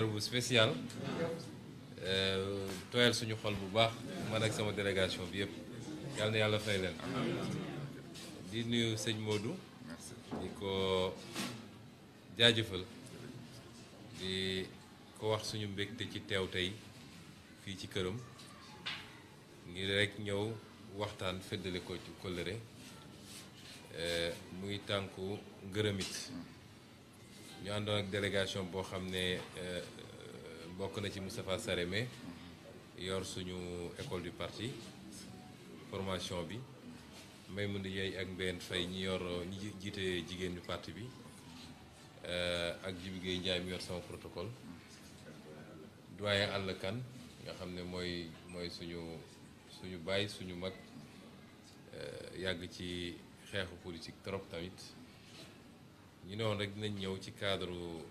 bu spécial euh, tooyal suñu xol bu baax man sama délégation bi yëpp yal yàlla fay leen di nuyu sëñ Modou di ko jaajëfal di ko wax suñu mbégte ci teew tey fii ci këram ngir rek ñëw waxtaan feddale ko ci kóllëre euh, muy tànku ngërëmit ñu àndoon ak délégation boo xam ne euh, bokk na ci Moustapha Sarémé yor suñu école du parti formation bi may mën di yeey ak Mbène Faye ñi yor ñi jiite jigéen ñu parti bi euh, ak Djibi Gueye Ndiaye yor sama protocole doyen àll kan nga xam ne mooy mooy suñu suñu baay suñu mag euh, yàgg ci xeexu politique trop tamit ñu ne woon rek dinañ ñëw ci cadre euh,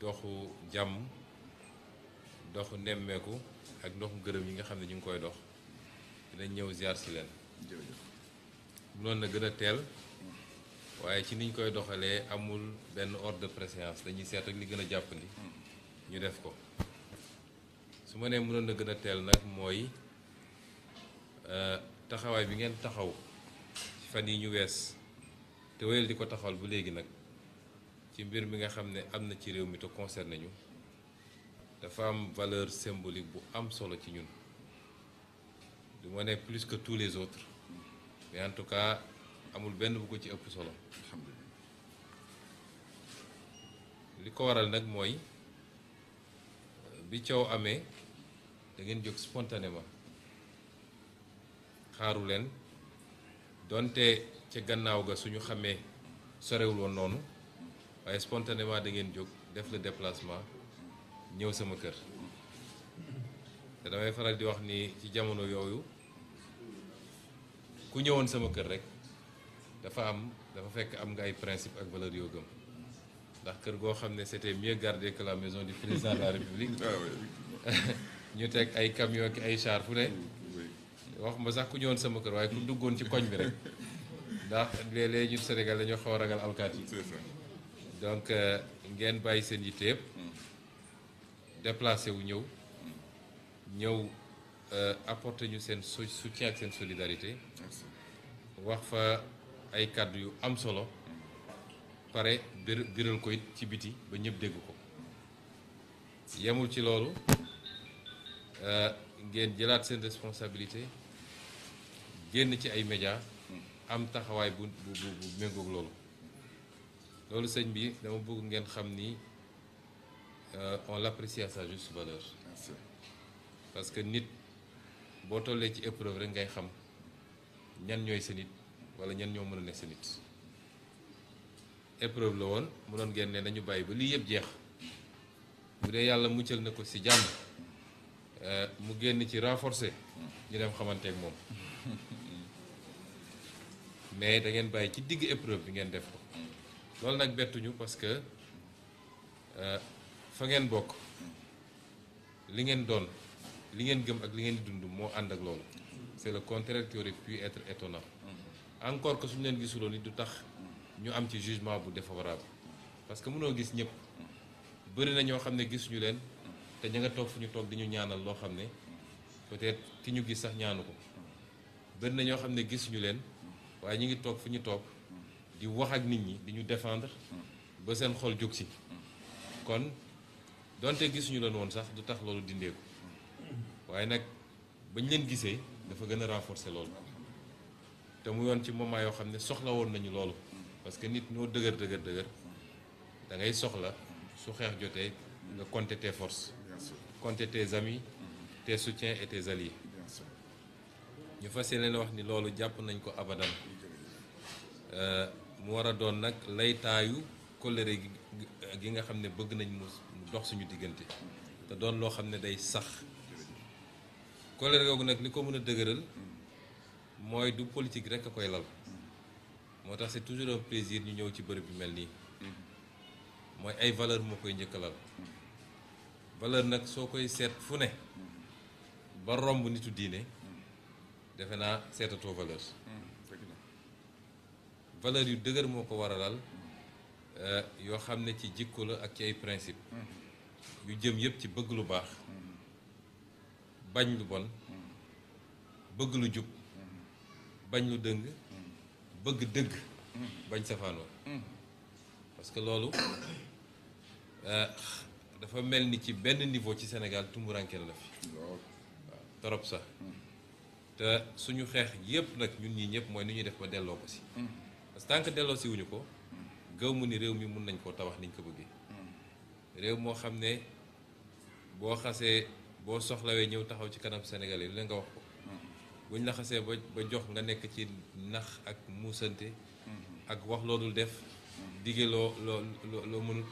doxu jàmm doxu nemmeeku ak ndoxu gërëm yi nga xam ne ñu ngi koy dox dinañ ñëw ziar si leen. mënoon na gën a teel waaye ci niñ koy doxalee amul benn ordre de préséance dañuy seet rek li gën a jàppandi. ñu def ko su ma nee mënoon na gën a teel nag mooy euh, taxawaay bi ngeen taxaw fan yi ñu wees. te wéyal di ko taxawal bu léegi nag ci mbir mi nga xam ne am na ci réew mi te concerné ñu dafa am valeur symbolique bu am solo ci ñun du ne plus que tous les autres mais en tout cas amul benn bu ko ci ëpp solo li ko waral nag mooy bi coow amee da ngeen jóg spontanément xaaru leen donte ca gannaaw ga suñu xamee sorewuloon noonu waaye spontanément da ngeen jóg def la déplacement ñëw sama kër te damay faral di wax ni ci jamono yooyu ku ñëwoon sama kër rek dafa am dafa fekk am nga ay principe ak valeur yoo ndax kër goo xam ne c'était mieux gardé que la maison du président de la République ah ñu teg ay camion ki ay char fu ne wax ma sax ku ñëwoon sama kër waaye ku duggoon ci koñ bi rek ndax léeg-léeg ñun Sénégal dañoo xaw ragal alkaati yi donc euh, ngeen bàyyi seen yitte yëpp mm. déplacé wu ñëw ñëw euh, apporté ñu seen soutien ak seen solidarité wax fa ay kàddu yu am solo pare biral ko ci biti ba ñëpp dégg ko yemul ci loolu euh, ngeen jëlaat seen responsabilité génn ci ay médias am taxawaay bu bu bu méngoog loolu loolu sëñ bi dama bëgg ngeen xam ni euh, on l'apprécie à sa juste parce que nit boo tollee ci épreuve rek ngay xam ñan ñooy sa nit wala ñan ñoo mën a nekk sa nit épreuve la woon mu doon génne nañu bàyyi ba lii yëpp jeex bu dee yàlla mu muccal na ko si jàmm euh, mu génn ci renforcer ñu dem xamante moom. mais da ngeen bàyyi ci digg épreuve bi ngeen def ko loolu nag bettuñu parce que euh, fa ngeen bokk li ngeen doon li ngeen gëm ak li ngeen di dund moo ànd ak loolu c'est le contraire qui aurait pu être étonnant encore que suñu leen gisuloon ni du tax ñu am ci jugement bu défavorable parce que mënoo gis ñëpp bëri na ñoo xam ne gisuñu leen te ña nga toog fu ñu toog di ñu ñaanal loo xam ne peut-être ki ñu gis sax ñaanu ko bëri na ñoo xam ne gisuñu leen waaye ñu ngi toog fu ñu toog di wax ak nit ñi di ñu defendre ba seen xol jóg si kon donte gisuñu leen woon sax du tax loolu dindeeku waaye nag bañ leen gisee dafa gën a renforcer loolu te mu yoon ci moment yoo xam ne soxla woon nañu loolu parce que nit ñoo dëgër dëgër dëgër da ngay soxla su xeex jotee nga compter tes forces compter tes amis tes soutiens et tes alliés ñu fas yéene wax ni loolu jàpp nañ ko abadan Euh, mu war a doon nag laytaayu kóllëre gi nga xam ne bëgg nañ mu dox suñu diggante te doon loo xam ne day sax kóllëre googu nag li ko mën a dëgëral mooy du politique rek a koy lal moo tax c'est toujours un plaisir ñu ñëw ci bërëb bi mel nii mooy ay valeur moo koy njëkk a lal valeur nag soo koy seet fu ne ba romb nitu diine defe naa seetatoo valeur valeur yu dëgër moo ko waralal euh, yoo xam ne ci jikko la ak ci ay principe mm-hmm. yu jëm yëpp ci bëgg lu baax mm-hmm. bañ lu bon mm-hmm. bëgg lu jub bañ lu dëng bëgg dëgg bañ safaanoo parce que loolu euh, dafa mel ni ci benn niveau ci senegal tumburankel la fi waaw torop sax te suñu xeex yëpp nag ñun ñii ñëpp mooy nu ñuy def ba delloo ko si parce que tant que delloo wuñu ko gëw mu ni réew mi mun nañ koo tabax niñ ko bëggee réew moo xam ne boo xasee boo soxlawee ñëw taxaw ci kanam Sénégal bi lu leen nga wax ko buñ la ba ba jox nga nekk ci nax ak muusante ak wax loo dul def dige loo loo loo mënut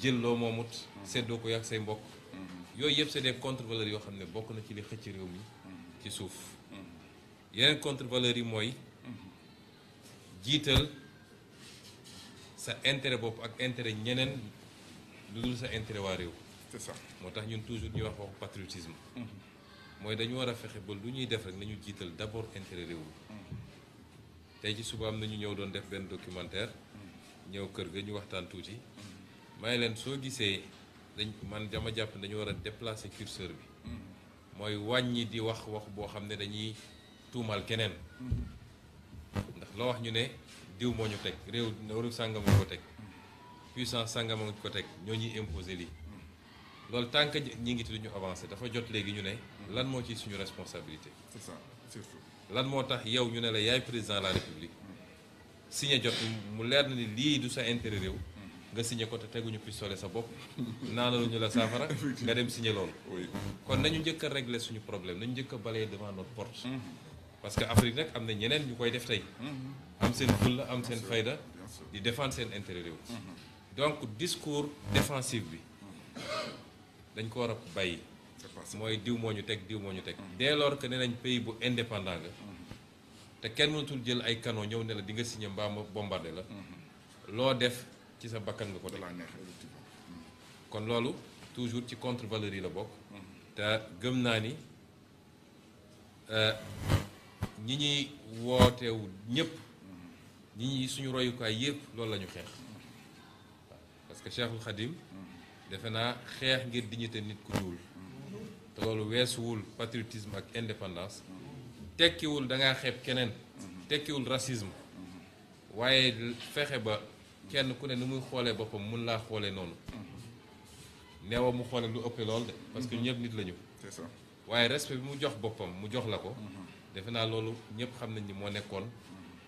jël loo moomut seddoo ko ak say mbokk yooyu yëpp c'est des contre-valeurs yoo xam ne bokk na ci li xëcc réew mi ci suuf yeneen contre valeur yi mooy jiital sa intérêt bopp ak intérêt ñeneen lu dul sa intérêt waa réew. c'est moo tax ñun toujours ñuy wax waxu patriotisme. Mm-hmm. mooy dañu war a fexe ba lu ñuy def rek nañu jiital d'abord intérêt réew mi. Mm-hmm. tey ci suba am na ñu ñëw doon def benn documentaire. Mm-hmm. ñëw kër ga ñu waxtaan tuuti. may leen soo gisee dañ man dama jàpp dañu war a déplacer curseur bi. mooy wàññi di wax wax boo xam ne dañuy tuumaal keneen. nga wax ñu ne diw moo ñu teg réew réew sàngam ñu ko teg puissance sàngam ñu ko ñoo ñuy imposer lii loolu tant que ñi ngi tudd ñu avancé dafa jot léegi ñu ne lan moo ci suñu responsabilité. c'est ça lan moo tax yow ñu ne la yaay président la république signé jot mu leer na ni lii du sa intérêt réew nga signé ko te teguñu pistolet sa bopp naanaluñu la saafara nga dem signé loolu. kon nañu njëkk a régler suñu problème nañu njëkk a balayer devant notre porte. Mm-hmm. parce que Afrique nag am na ñeneen ñu koy def tey mm-hmm. am seen fulla am seen fayda di défendre seen intérêt réew mm-hmm. donc discours défensif bi dañ ko war a bàyyi mooy diw moo ñu teg diw moo ñu teg mm-hmm. dès lors que nañ pays bu indépendant nga te kenn mënatul jël ay kano ñëw ne la di nga signé mbaa ma la loo def ci sa bakkan nga ko teg kon loolu toujours ci contre valeur yi la bokk te gëm naa ni euh, ñi ñuy wootewu ñëpp ñi ñuy suñu royukaay yëpp loolu la ñu xeex parce que Cheikhul defe naa xeex ngir dignité nit ku ñuul te loolu weesuwul patriotisme ak indépendance tekkiwul da ngaa xeeb keneen tekkiwul rasisme waaye fexe ba kenn ku ne nu muy xoolee boppam mun laa xoolee noonu neewa mu xoolee lu ëppee lool de parce que ñëpp nit la ñu waaye respect bi mu jox boppam mu jox la ko mm-hmm. defe naa loolu ñëpp xam nañ ni moo nekkoon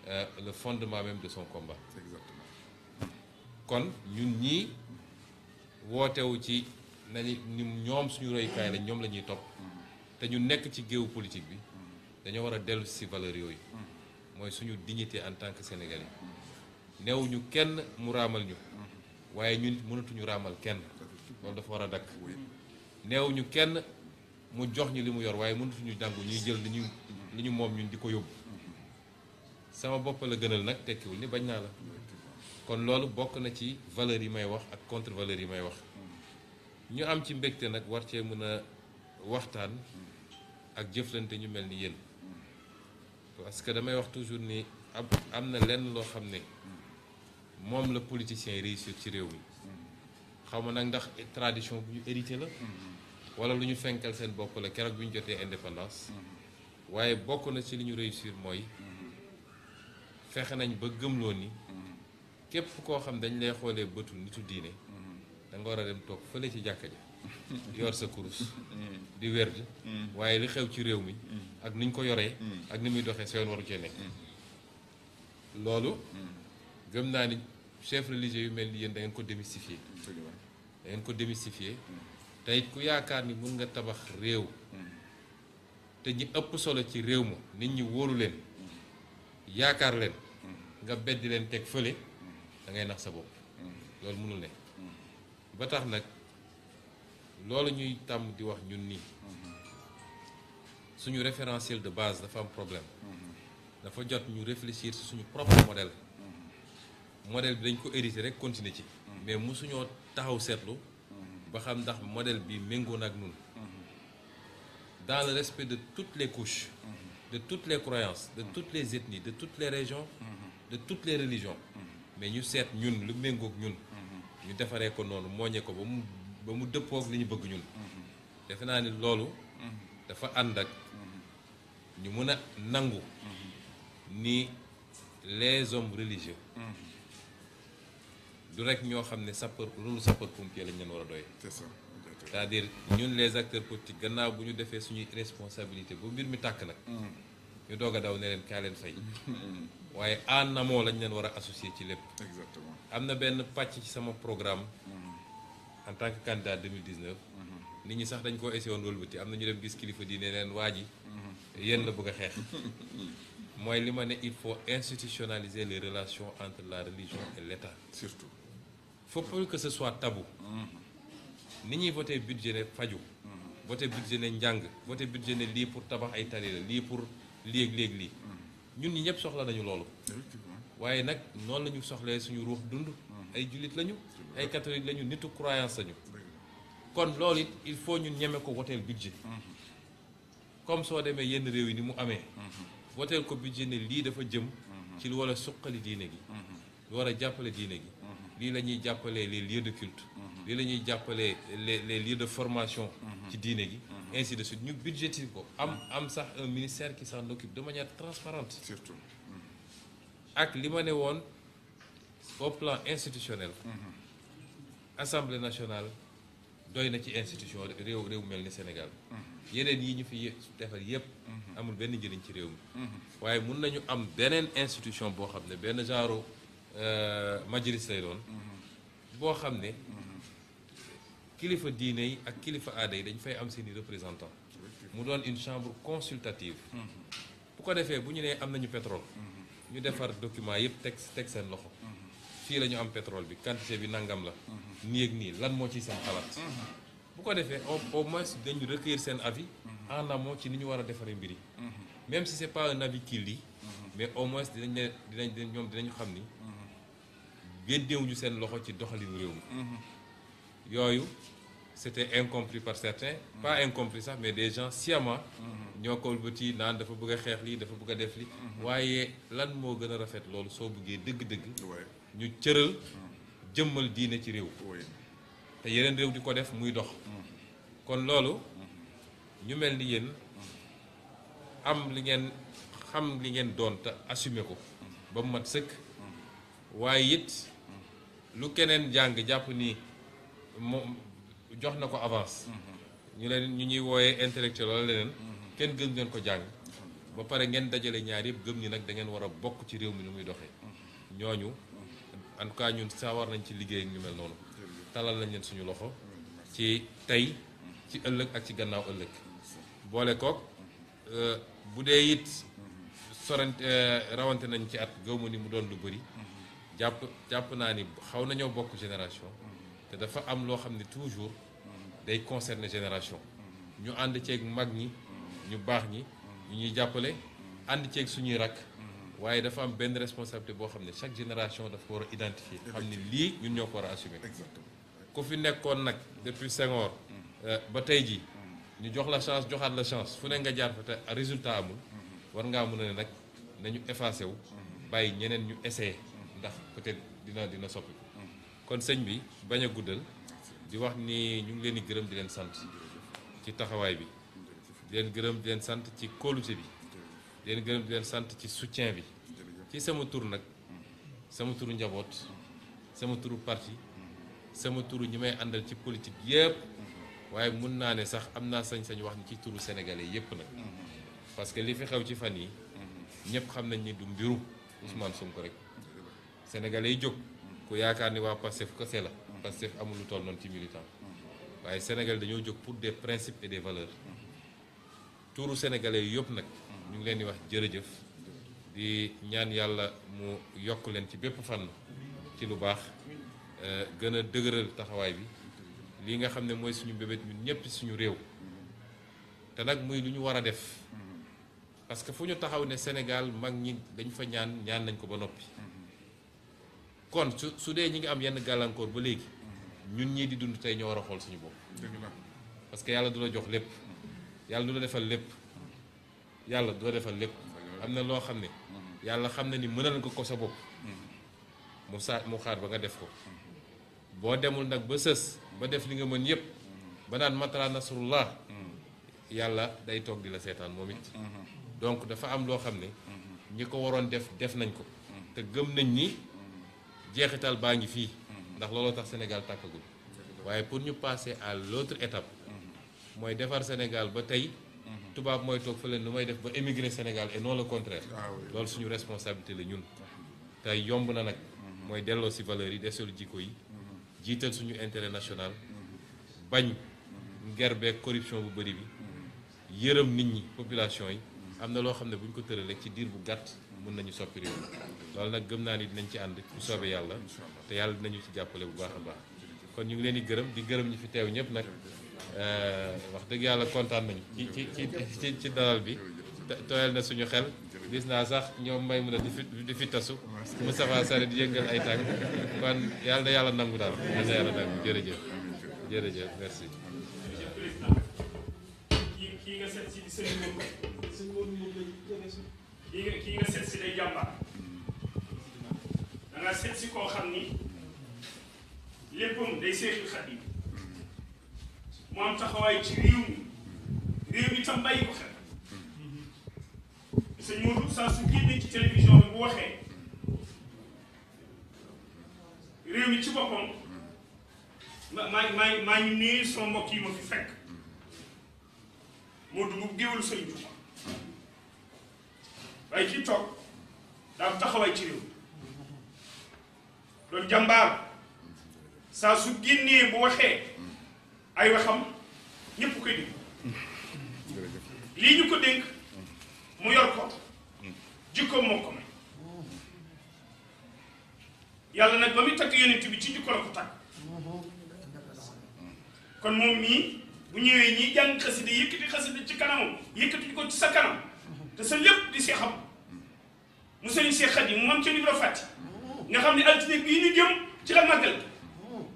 euh, le fondement même de son combat. exactement kon ñun ñi wootewu ci nañu ñoom suñu royukaay lañ ñoom la ñuy topp te ñu nekk ci géew politique bi dañoo war a dellu si valeur yooyu mooy suñu dignité en tant que sénégalais newuñu kenn mu raamal ñu waaye ñun mënatuñu raamal kenn loolu dafa war a dakk new ñu kenn mu jox ñu li mu yor waaye mënatuñu dàngu ñuy jël li li ñu moom ñun di ko yóbbu sama bopp la gënal nag tekkiwul ni bañ naa la kon loolu bokk na ci valeur yi may wax ak contre valeur yi may wax ñu am ci mbégte nag war cee mën a waxtaan ak jëflante ñu mel ni yéen parce que damay wax toujours ni ab am na lenn loo xam ne moom la politicien réussir ci réew mi xaw ma nag ndax tradition bu ñu hérité la mm-hmm. wala lu ñu fenkal seen bopp la keroog bu ñu jotee indépendance mm-hmm. waaye bokk na ci li ñu réussir mooy fexe nañ ba gëmloo ni képp fu koo xam dañ lay xoolee bëtu nitu diine danga war a dem toog fële ci jàkka ja yor sa kurus di werd waaye li xew ci réew mi ak ni ñu ko yoree ak ni muy doxee sa yoon waru cee nekk loolu gëm naa ni chef religieux yu mel ni yéen da ko démystifier da ko démystifier tey ku yaakaar ni mun nga tabax réew te ñi ëpp solo ci réew ma nit ñi wóolu leen yaakaar leen nga beddi leen teg fële da ngay nax sa bopp loolu mënul ne ba tax nag loolu ñuy tàmm di wax ñun nii suñu référentiel de base dafa am problème dafa jot ñu réfléchir ci suñu propre modèle modèle bi dañ ko hérité rek continuer ci mais mosuñoo taxaw seetlu ba xam ndax modèle bi méngoo na ak ñun dans le respect de toutes les couches, de toutes les croyances, de toutes les ethnies, de toutes les régions, de toutes les religions. mais ñu seet ñun lu méngoog ñun. ñu defaree ko noonu mooñee ko ba mu ba mu dëppoog li ñu bëgg ñun. defe naa ni loolu. dafa ànd ak ñu mën a nangu. ni les hommes religieux. du rek ñoo xam ne sapeur rôle sapeur pompier lañ leen war a doy. c'est c'est-à-dire ñun les acteurs politiques gannaaw bu ñu defee suñuy responsabilité bu mbir mi tàkk nag ñu doog a daw ne leen kaa leen fay waaye en amont lañ leen war associé ci lépp exactement am na benn pàcc ci sama programme mm-hmm. en tant que candidat 2019 mm-hmm. nit ñi sax dañ koo essayé woon wëlbati am na ñu dem gis kilifa ne leen waa ji mm-hmm. yéen la bëgg xeex mooy li ma ne il faut institutionnaliser les relations entre la religion et l'État surtout faut que ce soit tabou ni ñuy voté budget ne faju voté budget ne njàng voté budget ne lii pour tabax ay tali la lii pour léeg-léeg lii ñun ñi ñëpp soxla nañu loolu waaye nag noonu lañu ñu suñu ruux dund mm-hmm. ay jullit lañu ay catholique lañu nitu croyance lañu kon loolu it il faut ñun ñeme ko woteel budget mm-hmm. comme soo demee yenn réew yi ni mu amee woteel mm-hmm. ko budget ne lii dafa jëm ci lu war a suqali diine gi lu war a jàppale diine gi lii la ñuy jàppalee les lieux de culte lii la ñuy jàppalee les les lieux de formation mhm. ci diine gi mhm. ainsi de suite ñu budgétiser ko am mhm. am sax un ministère qui s'en occupe de manière transparente surtout ak li ma ne woon au plan institutionnel assemblée nationale doy na ci institution réew mel ni Sénégal yeneen yi ñu fi defal yépp amul benn njëriñ ci réew mi waaye mun nañu am beneen institution boo xam ne benn genre euh, majlis lay doon boo xam ne kilifa diine yi ak kilifa aada yi dañu fay am seeni représentant mu doon une chambre consultative bu ko defee bu ñu nee am nañu pétrole ñu defar document yëpp teg teg seen loxo fii la ñu am pétrole bi quantité bi nangam la nii ak nii lan moo ci seen xalaat bu ko defee au moins dañu recueillir seen avis en amont ci ni ñu war a defaree mbir yi même si c'est pas un avis qui mais au moins dinañ ne dinañ ñoom dinañu xam ni génnewuñu seen loxo ci doxalin réew mi yooyu c'était incompris par certains pas incompris sax mais des gens sciemment ñoo ko wëlbati naan dafa bëgg a xeex lii dafa bëgg a def li waaye lan moo gën a rafet loolu soo buggee dëgg-dëgg ñu cëral jëmmal diine ci réew te yeneen réew di ko def muy dox kon loolu ñu mel ni yéen am li ngeen xam li ngeen doon te assumé ko ba mu mat sëkk waaye it lu keneen jàng jàpp nii jox na ko avance. ñu leen ñu ñuy wooyee intellectuel wala leneen. kenn gën leen ko jàng. ba pare ngeen dajale ñaar yëpp gëm ni nag da ngeen war a bokk ci réew mi nu muy doxe ñooñu en tout cas ñun sawar nañ ci liggéey ak ñu mel noonu. talal nañ leen suñu loxo. ci tey ci ëllëg ak ci gannaaw ëllëg. boole kook euh, bu dee it sorante euh, rawante nañ ci at gëw ma ni mu doon lu bëri. jàpp jàpp naa ni xaw nañoo bokk génération. dafa am loo xam ne toujours day concerné génération ñu ànd ceeg mag ñi ñu baax ñi ñu ñuy jàppale ànd ceeg suñuy rakk waaye dafa am benn responsabilité boo xam ne chaque génération dafa ko war a identifier xam ne lii ñun ñoo ko war a assumer ku fi nekkoon nag depuis Senghor euh, ba tey ji ñu jox la chance joxaat la chance fu ne nga jaar fa te résultat amul war ngaa mën a ne nag nañu effacé wu bàyyi ñeneen ñu essayé ndax peut-être dina dina soppi kon sëñ bi bañ a guddal di wax nii ñu ngi leen di gërëm di leen sant ci taxawaay bi di leen gërëm di leen sant ci kóolute bi di gërëm sant ci soutien bi ci sama tur nag sama turu njaboot sama turu parti sama turu ñi may àndal ci politique yépp waaye mun naa ne sax am naa sañ-sañ wax ni ci turu sénégalais yépp nag parce que li fi xew ci fan yi ñëpp xam nañ ni du mbiru Ousmane Sonko rek sénégalais yi jóg yaakaar ni waa Pastef kese la Pastef amul lu toll noonu ci militant waaye Sénégal dañoo jog pour des principes de des valeurs tuuru sénégalais yëpp nag ñu ngi leen di wax jërëjëf di ñaan yàlla mu yokk leen ci bépp fànn ci lu baax euh, gën a dëgëral taxawaay bi lii nga xam ne mooy suñu bébét ñun ñëpp suñu réew te nag muy lu ñu war a def parce que fu ñu taxaw ne Sénégal mag ñi dañ fa ñaan ñaan nañ ko ba noppi kon su su dee ñi ngi am yenn gàllankoor ba léegi ñun ñii di dund tey ñoo war a xool suñu bopp. parce que yàlla du la jox lépp yàlla du la defal lépp yàlla du defal lépp am na loo xam ne yàlla xam na ni mënal nga ko sa bopp mu saa mu xaar ba nga def ko boo demul nag ba sës ba def li nga mën yépp ba naan matala nasrullah yàlla day toog di la seetaan moom it mhm. donc dafa am loo xam ne ñi ko waroon def def nañ ko te gëm nañ ni jeexital baa ngi fii ndax looloo tax Sénégal tàkkagul waaye pour ñu passer à l'autre étape mooy defar Sénégal ba tey tubaab mooy toog fële nu may def ba émigrer Sénégal et non le contraire ah loolu suñu responsabilité la ñun tey yomb na nag mooy delloo si valeurs yi deseelu jikko yi jiital suñu intérêt national bañ ngerbeeg corruption bu bëri bi yërëm nit ñi population yi am na loo xam ne buñ ñu ko tëralee ci diir bu gàtt mun nañu soppi réew loolu nag gëm naa ni dinañ ci ànd bu soobee yàlla te yàlla dinañu ci jàppale bu baax a baax kon ñu ngi leen di gërëm di gërëm ñu fi teew ñëpp nag euh, wax dëgg yàlla kontaan nañu ci ci ci dalal bi tooyal na suñu xel gis naa sax ñoom may mun a di fi di fi tasu Moustapha Sarr di yëngal ay tànk kon yàlla yàlla nangu daal yàlla na yàlla nangu jërëjëf kii nga kii nga seet day jàmbaar da nga koo xam ni léppam day seexul xadim mu am ci réew mi réew mi tam bàyyi ko xel sëñ saa su génnee ci télévision bu waxee réew mi ci boppam ma maa maa maa ngi nuyu sama mbokk yi ma fi fekk Modou bu géwul sëñ waaye kii toog daam taxawaay ci réew doon jàmbaar saa su génnee bu waxee ay waxam ñépp koy dégg lii ñu ko dénk mu yor ko jikkoom moo ko may yàlla nag ba muy takk yonent bi ci jikko la ko takk kon moom mii bu ñëwee ñii jàng xasida yëkkati xasida ci kanam yëkkati ko ci sa kanam te sa lépp di si xam mu sëriñ Cheikh Khadim moom ca Ibra Fati nga xam ne altine bii ñu jëm ci la màggal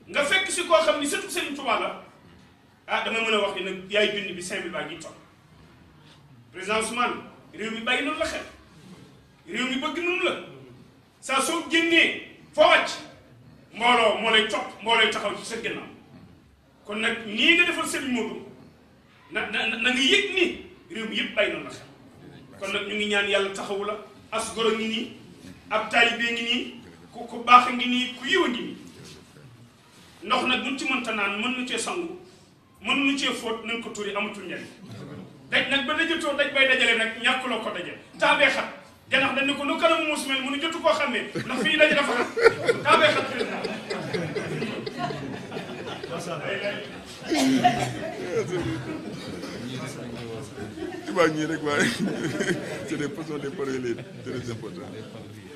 nga fekk si koo xam ni surtout sëriñ Touba la ah dama mën a wax ni nag yaay junni bi cinq baa ngi toog président réew mi bàyyi noonu la xel réew mi bëgg noonu la saa soo génnee foo wàcc mbooloo moo lay topp moo taxaw ci sa ginnaaw kon nag nii nga defal sëriñ Modou na na na nga yëg ni réew mi yëpp bàyyi noonu la xel kon nag ñu ngi ñaan yàlla taxawu la as goro ngi nii ab taalibe ngi nii ku ku baax ngi nii ku yiw ngi nii ndox nag buñ ci mënta naan mën na cee sangu mën na cee fóot nañ ko tuuri amatul njariñ daj nag ba dajatoo daj bay dajale nag ñàkkuloo ko dajale taabee xat ganax dañ ne ko nu kanam muus mel mënu jotu koo xamee ndax fii daje dafa xat taabee xat président wàññi rek waaye c'est des façons des produits très importants